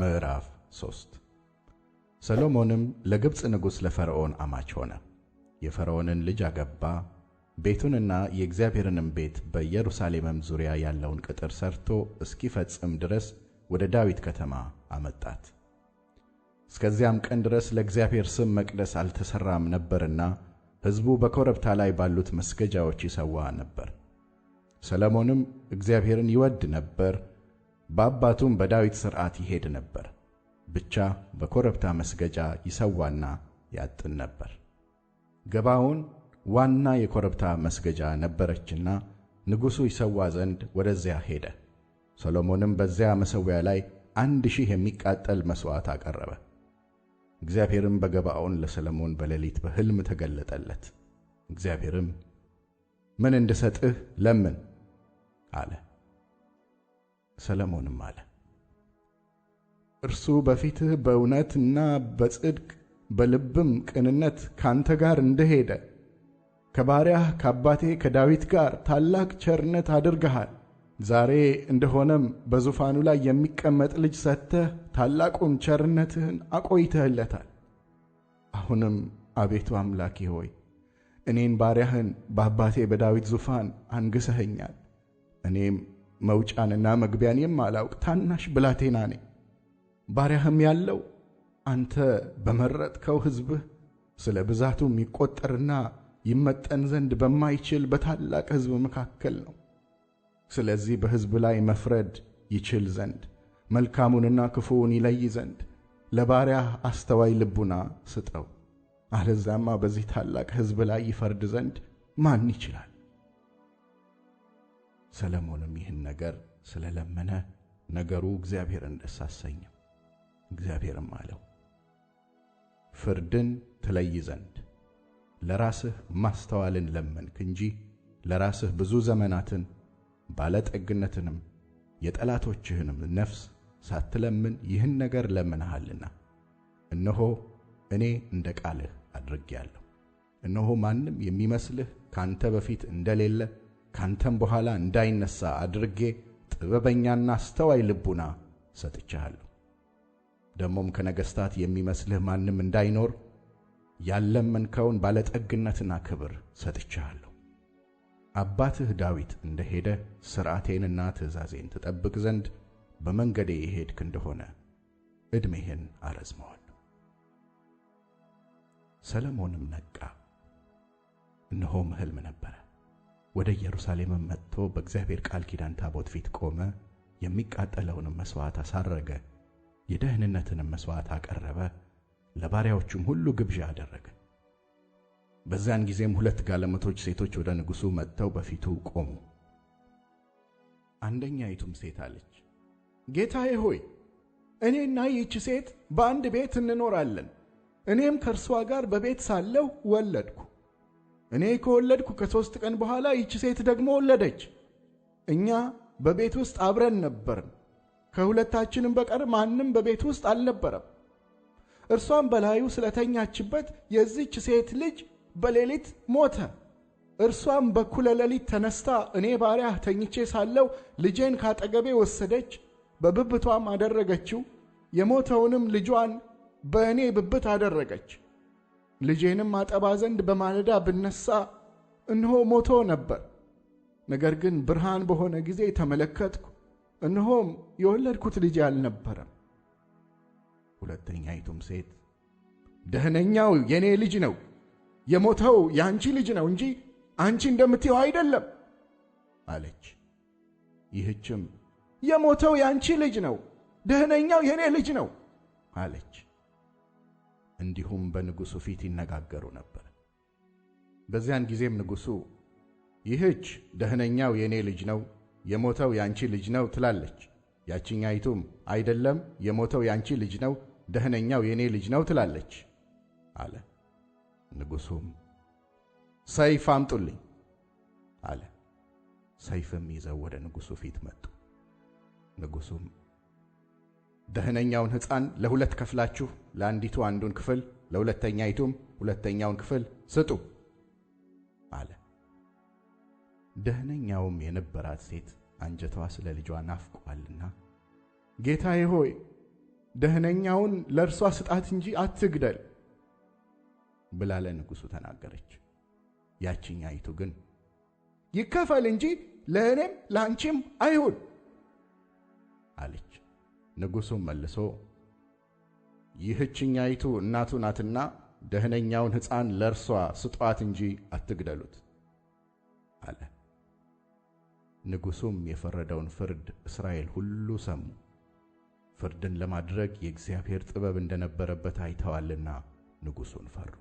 ምዕራፍ 3 ሰሎሞንም ለግብፅ ንጉሥ ለፈርዖን አማች ሆነ። የፈርዖንን ልጅ አገባ። ቤቱንና የእግዚአብሔርንም ቤት በኢየሩሳሌምም ዙሪያ ያለውን ቅጥር ሠርቶ እስኪፈጽም ድረስ ወደ ዳዊት ከተማ አመጣት። እስከዚያም ቀን ድረስ ለእግዚአብሔር ስም መቅደስ አልተሠራም ነበርና ሕዝቡ በኮረብታ ላይ ባሉት መስገጃዎች ይሰዋ ነበር። ሰሎሞንም እግዚአብሔርን ይወድ ነበር፣ በአባቱም በዳዊት ሥርዓት ይሄድ ነበር። ብቻ በኮረብታ መስገጃ ይሰዋና ያጥን ነበር። ገባዖን ዋና የኮረብታ መስገጃ ነበረችና ንጉሡ ይሰዋ ዘንድ ወደዚያ ሄደ። ሰሎሞንም በዚያ መሠዊያ ላይ አንድ ሺህ የሚቃጠል መሥዋዕት አቀረበ። እግዚአብሔርም በገባዖን ለሰሎሞን በሌሊት በሕልም ተገለጠለት። እግዚአብሔርም ምን እንድሰጥህ ለምን አለ። ሰለሞንም አለ እርሱ በፊትህ በእውነትና በጽድቅ በልብም ቅንነት ካንተ ጋር እንደሄደ ከባሪያህ ከአባቴ ከዳዊት ጋር ታላቅ ቸርነት አድርገሃል። ዛሬ እንደሆነም በዙፋኑ ላይ የሚቀመጥ ልጅ ሰጥተህ ታላቁን ቸርነትህን አቆይተህለታል። አሁንም አቤቱ አምላኬ ሆይ እኔን ባሪያህን በአባቴ በዳዊት ዙፋን አንግሰኸኛል። እኔም መውጫንና መግቢያን የማላውቅ ታናሽ ብላቴና ነኝ። ባሪያህም ያለው አንተ በመረጥከው ሕዝብህ ስለ ብዛቱ የሚቈጠርና ይመጠን ዘንድ በማይችል በታላቅ ሕዝብ መካከል ነው። ስለዚህ በሕዝብ ላይ መፍረድ ይችል ዘንድ መልካሙንና ክፉውን ይለይ ዘንድ ለባሪያህ አስተዋይ ልቡና ስጠው። አለዛማ በዚህ ታላቅ ሕዝብ ላይ ይፈርድ ዘንድ ማን ይችላል? ሰለሞንም ይህን ነገር ስለለመነ ነገሩ እግዚአብሔርን ደስ አሰኘው። እግዚአብሔርም አለው ፍርድን ትለይ ዘንድ ለራስህ ማስተዋልን ለመንክ እንጂ ለራስህ ብዙ ዘመናትን ባለጠግነትንም የጠላቶችህንም ነፍስ ሳትለምን ይህን ነገር ለምንሃልና፣ እነሆ እኔ እንደ ቃልህ አድርጌአለሁ። እነሆ ማንም የሚመስልህ ካንተ በፊት እንደሌለ ካንተም በኋላ እንዳይነሣ አድርጌ ጥበበኛና አስተዋይ ልቡና ሰጥቻለሁ። ደሞም ከነገሥታት የሚመስልህ ማንም እንዳይኖር ያለመንከውን ባለጠግነትና ክብር ሰጥቻለሁ። አባትህ ዳዊት እንደ ሄደ ሥርዓቴንና ትእዛዜን ትጠብቅ ዘንድ በመንገዴ የሄድክ እንደሆነ ዕድሜህን አረዝመዋለሁ። ሰለሞንም ነቃ፣ እነሆም ሕልም ነበረ። ወደ ኢየሩሳሌም መጥቶ በእግዚአብሔር ቃል ኪዳን ታቦት ፊት ቆመ። የሚቃጠለውንም መሥዋዕት አሳረገ፣ የደህንነትንም መሥዋዕት አቀረበ፣ ለባሪያዎቹም ሁሉ ግብዣ አደረገ። በዚያን ጊዜም ሁለት ጋለሞቶች ሴቶች ወደ ንጉሡ መጥተው በፊቱ ቆሙ። አንደኛይቱም ሴት አለች፣ ጌታዬ ሆይ እኔና ይህች ሴት በአንድ ቤት እንኖራለን፣ እኔም ከእርሷ ጋር በቤት ሳለሁ ወለድኩ። እኔ ከወለድኩ ከሦስት ቀን በኋላ ይቺ ሴት ደግሞ ወለደች። እኛ በቤት ውስጥ አብረን ነበርን። ከሁለታችንም በቀር ማንም በቤት ውስጥ አልነበረም። እርሷም በላዩ ስለተኛችበት የዚች ሴት ልጅ በሌሊት ሞተ። እርሷም በኩለ ሌሊት ተነስታ እኔ ባሪያህ ተኝቼ ሳለው ልጄን ካጠገቤ ወሰደች፣ በብብቷም አደረገችው። የሞተውንም ልጇን በእኔ ብብት አደረገች። ልጄንም አጠባ ዘንድ በማለዳ ብነሳ እነሆ ሞቶ ነበር። ነገር ግን ብርሃን በሆነ ጊዜ ተመለከትኩ፣ እነሆም የወለድኩት ልጅ አልነበረም። ሁለተኛይቱም ሴት ደህነኛው የእኔ ልጅ ነው፣ የሞተው የአንቺ ልጅ ነው እንጂ አንቺ እንደምትየው አይደለም አለች። ይህችም የሞተው የአንቺ ልጅ ነው፣ ደህነኛው የእኔ ልጅ ነው አለች። እንዲሁም በንጉሡ ፊት ይነጋገሩ ነበር። በዚያን ጊዜም ንጉሡ ይህች ደህነኛው የእኔ ልጅ ነው፣ የሞተው ያንቺ ልጅ ነው ትላለች። ያችኛይቱም አይደለም፣ የሞተው ያንቺ ልጅ ነው፣ ደህነኛው የእኔ ልጅ ነው ትላለች አለ። ንጉሡም ሰይፍ አምጡልኝ አለ። ሰይፍም ይዘው ወደ ንጉሡ ፊት መጡ። ንጉሡም ደህነኛውን ሕፃን ለሁለት ከፍላችሁ ለአንዲቱ አንዱን ክፍል ለሁለተኛይቱም ሁለተኛውን ክፍል ስጡ አለ። ደህነኛውም የነበራት ሴት አንጀቷ ስለ ልጇ ናፍቋልና ጌታዬ ሆይ ደህነኛውን ለእርሷ ስጣት እንጂ አትግደል ብላ ለንጉሡ ተናገረች። ያችኛይቱ ግን ይከፈል እንጂ ለእኔም ለአንቺም አይሁን አለች። ንጉሡም መልሶ ይህችኛይቱ እናቱ ናትና ደህነኛውን ሕፃን ለእርሷ ስጧት እንጂ አትግደሉት አለ። ንጉሡም የፈረደውን ፍርድ እስራኤል ሁሉ ሰሙ፤ ፍርድን ለማድረግ የእግዚአብሔር ጥበብ እንደነበረበት አይተዋልና ንጉሡን ፈሩ።